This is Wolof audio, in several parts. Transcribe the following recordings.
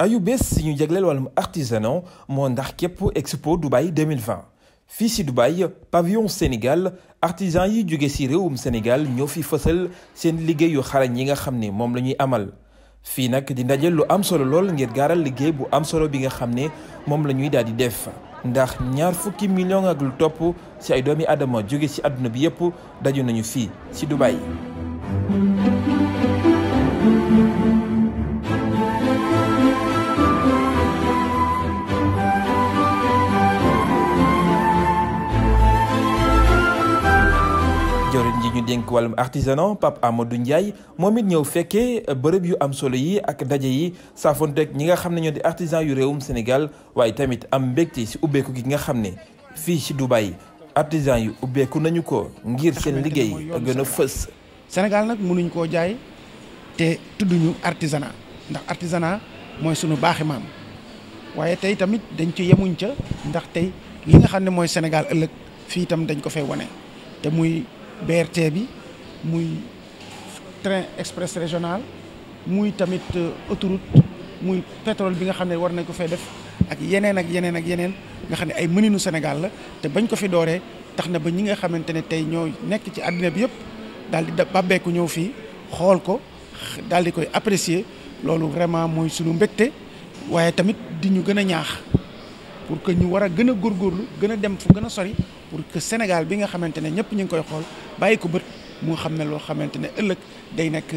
ayu bés si ñu jagleel wàllum artisanat moo ndax képp expo Dubai 2020 fii si Dubai pavillon Sénégal artisan yi jóge si réewum Sénégal ñoo fi fësal seen liggéey yu xarañ yi nga xam ne moom la ñuy amal fii nag di ndaje lu am solo lool ngir gaaral liggéey bu am solo bi nga xam ne moom la ñuy daal di def ndax ñaar fukki million ak lu topp si ay doomi aadama jóge si àdduna bi yépp daju nañu fii si Dubai. jëwriñ ji ñu dénk wàllum artisanat Pape du Ndiaye moom it ñëw fekkee bërëb yu am solo yi ak daje yi saafonteeg ñi nga xam ne ñoo di artisan yu réewum Sénégal waaye tamit am mbégte ci ubbeeku gi nga xam ne fii ci Dubaï artisan yu ubbeeku nañu ko ngir seen liggéey gën a fës. Sénégal nag mënuñ koo jaay te tudduñu artisanat ndax artisanat mooy sunu baaxi maam waaye tey tamit dañ ci yemuñ ca ndax tey li nga xam ne mooy Sénégal ëllëg fii itam dañ ko fay wone te muy. BRT bi muy train express régional muy tamit euh, autoroute muy pétrole bi nga xam ne war nañ ko fay def ak yeneen ak yeneen ak yeneen nga xam ne ay mëninu Sénégal la te bañ ko fi dooree tax na ba ñi nga xamante ne tey ñooy nekk ci àddina bi yëpp daal di bàbbeeku ñëw fii xool ko daal di koy apprécier loolu vraiment mooy sunu mbégte waaye tamit di ñu gën a ñaax pour que ñu war a gën a góor góorlu gën a dem fu gën a sori pour que Sénégal bi nga xamante ne ñëpp ñu ngi koy xool bàyyi ko bët mu xam ne loo xamante ne ëllëg day nekk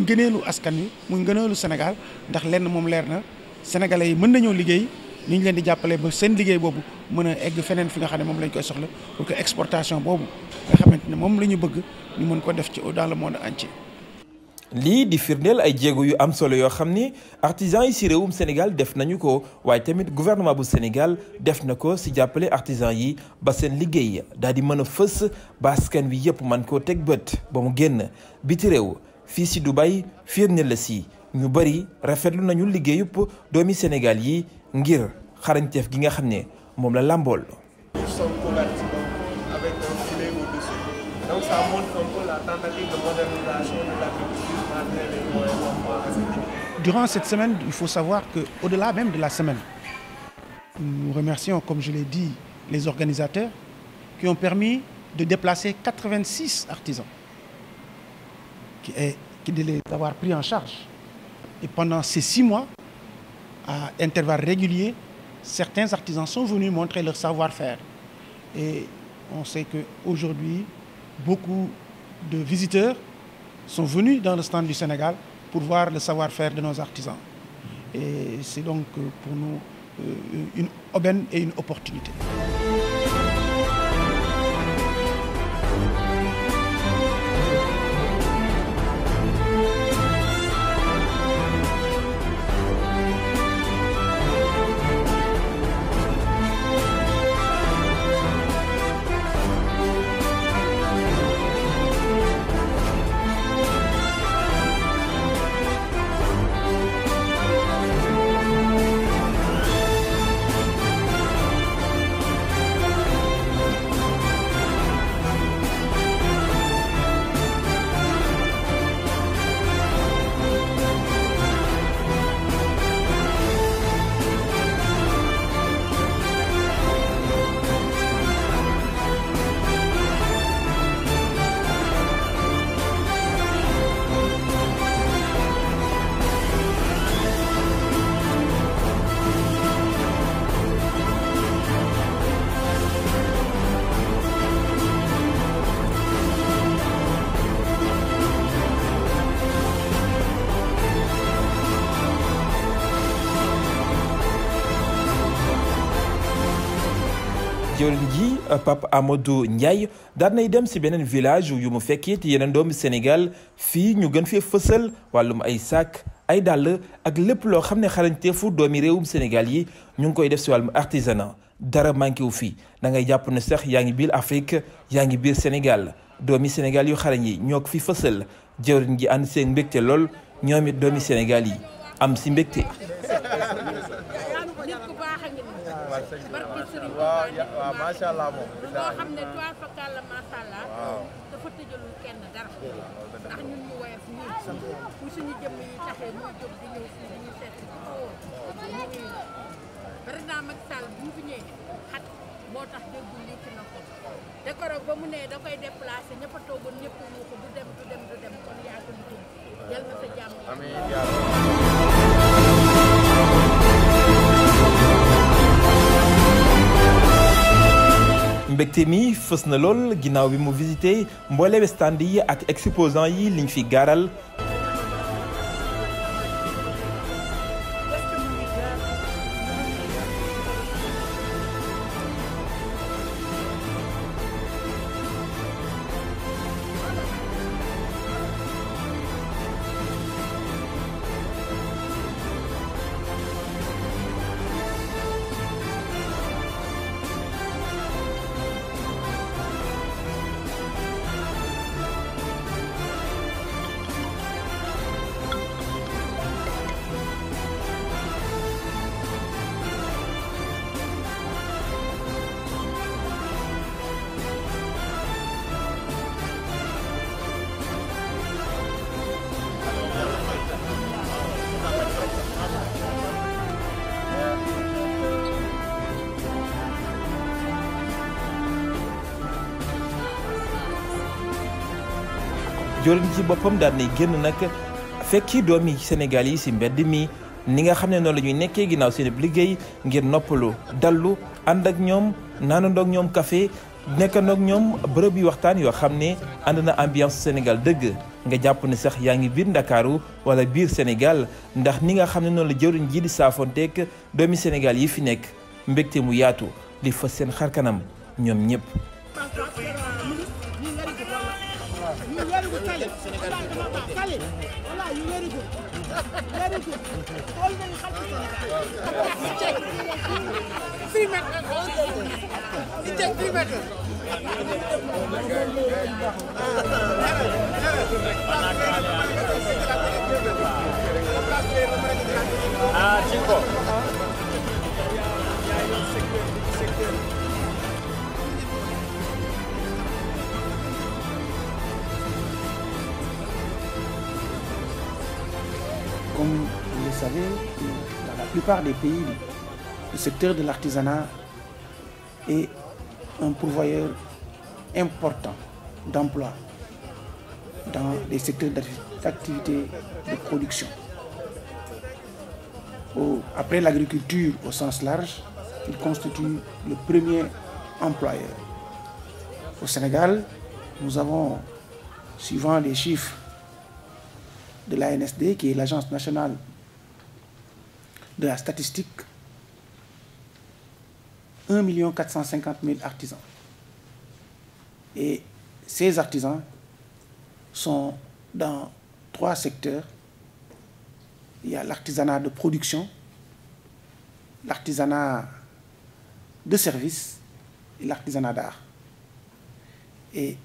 ngëneelu askan wi muy ngëneelu Sénégal ndax lenn moom leer na sénégalais yi mën nañoo liggéey ñu leen di jàppale ba seen liggéey boobu mën a egg feneen fi nga xam ne moom lañ koy soxla pour que exportation boobu nga xamante ne moom la ñu bëgg ñu mën ko def ci dans le monde entier. lii di firndeel ay jéego yu am solo yoo xam ni artisan yi si réewum Sénégal def nañu ko waaye tamit gouvernement bu Sénégal def na ko si jàppale artisan yi ba seen liggéey daal di mën a fës ba askan wi yëpp man koo teg bët ba mu génn biti réew fii si Dubaï firndeel la si ñu bëri rafetlu nañu liggéeyup doomi Sénégal yi ngir xarañteef gi nga xam ne moom la làmbool durant cette semaine, il faut savoir qu'au-delà même de la semaine, nous comme je l'ai les organisateurs qui ont de déplacer 86 artisans qui, est, qui de les avoir pris en charge. Et pendant ces six mois, à intervalles réguliers, certains artisans sont venus montrer Et on sait qu'aujourd'hui, beaucoup de visiteurs sont dans le stand du Sénégal pour voir le savoir-faire de nos artisans. Et c'est donc pour nous euh, une aubaine et une opportunité. jëwriñ ji Pape Amadou Ndiaye daan nay dem si beneen village yu mu fekkee te yeneen doomi Sénégal fii ñu gën fee fësal wàllum ay sac ay dàll ak lépp loo xam ne te fu doomi réewum Sénégal yi ñu ngi koy def si wàllum artisanat dara manqué wu fi da ngay jàpp ne sax yaa ngi biir Afrique yaa ngi biir Sénégal doomi Sénégal yu xarañ yi ñoo ko fi fësal jëwriñ ji ànd seen mbégte lool ñoom it doomi Sénégal yi am si mbégte. waaw waaw macha allah moom. boo xam ne tuwaar fa kàlla macha allah. waaw dafa tëjalul kenn dara. ndax ñun ñu woyof ñun. bu suñu jëmm yi taxee muy jóg di ñëw fii di ñu seet si kawoo. président Macky Sall bu ñu fi ñëwee xat moo tax déggul lii ci na ko décoré ba mu ne da koy déplacé ñëpp a toogoon ñëpp a yuuxu du dem du dem du dem kon yaa gën a jóg yal na sa jàmm. amiin mbégte mi fës na lool ginnaaw bi mu visité mboolem stand yi ak exposant yi liñ fi gaaral joriñ ji boppam daal nay génn nag fekki doomi Sénégal yi si mbedd mi ni nga xam ne noonu la ñuy nekkee ginnaaw bu liggéey ngir noppalu dallu ànd ak ñoom naanandoog ñoom café nekkandoog ñoom bërëb yi waxtaan yoo xam ne ànd na ambiance Sénégal dëgg nga jàpp ne sax yaa ngi biir Ndakaaru wala biir Sénégal ndax ni nga xam ne noonu la jëwriñ ji di saafonteeg doomi Sénégal yi fi nekk mbégte mu yaatu li fa seen xarkanam ñoom ñépp you very good tali tali wala you very good very good xool nañu xam ci Sénégal three mètres i teg three mètres ah, ah, ah. savez, dans la plupart des pays, le secteur de l'artisanat est un pourvoyeur important d'emplois dans les secteurs d'activité de production. Après l'agriculture au sens large, il constitue le premier employeur. Au Sénégal, nous avons, suivant les chiffres de l'ANSD, qui est l'Agence nationale de la statistique, 1 450 000 artisans. Et ces artisans sont dans trois secteurs. Il y a l'artisanat de production, l'artisanat de service et l'artisanat d'art. Et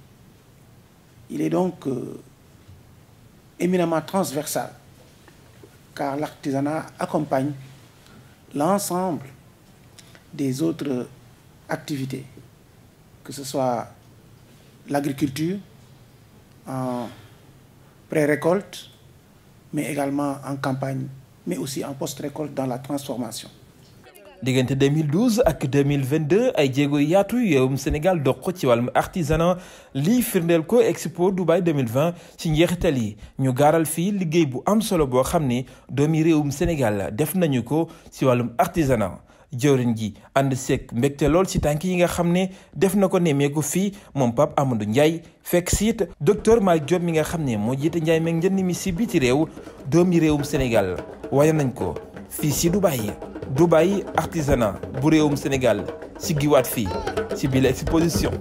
il est donc euh, éminemment transversal car l'artisanat accompagne l'ensemble des autres activités, que ce soit l'agriculture en pré-récolte, mais également en campagne, mais aussi en post-récolte dans la transformation. diggante 2012 ak 2022 ay jéego yaatu yowum Sénégal dox ko ci wàllum artisanat lii firndeel ko expo Dubai 2020 ci njeexital yi ñu gaaral fii liggéey bu am solo boo xam ni doomi réewum Sénégal def nañu ko ci wàllum artisanat jëwriñ ji ànd seeg mbégte lool ci tànk yi nga xam ne def na ko nemmeeku fii moom Pape Amadou Ndiaye fekk siit docteur Malick Diop mi nga xam ne moo jiite Ndiaye meeg njënd mi si biti réew doomi réewum Sénégal waaye nañ ko fii si Dubaï Dubaï artisanat bu réewum Sénégal si giwaat fii si biir exposition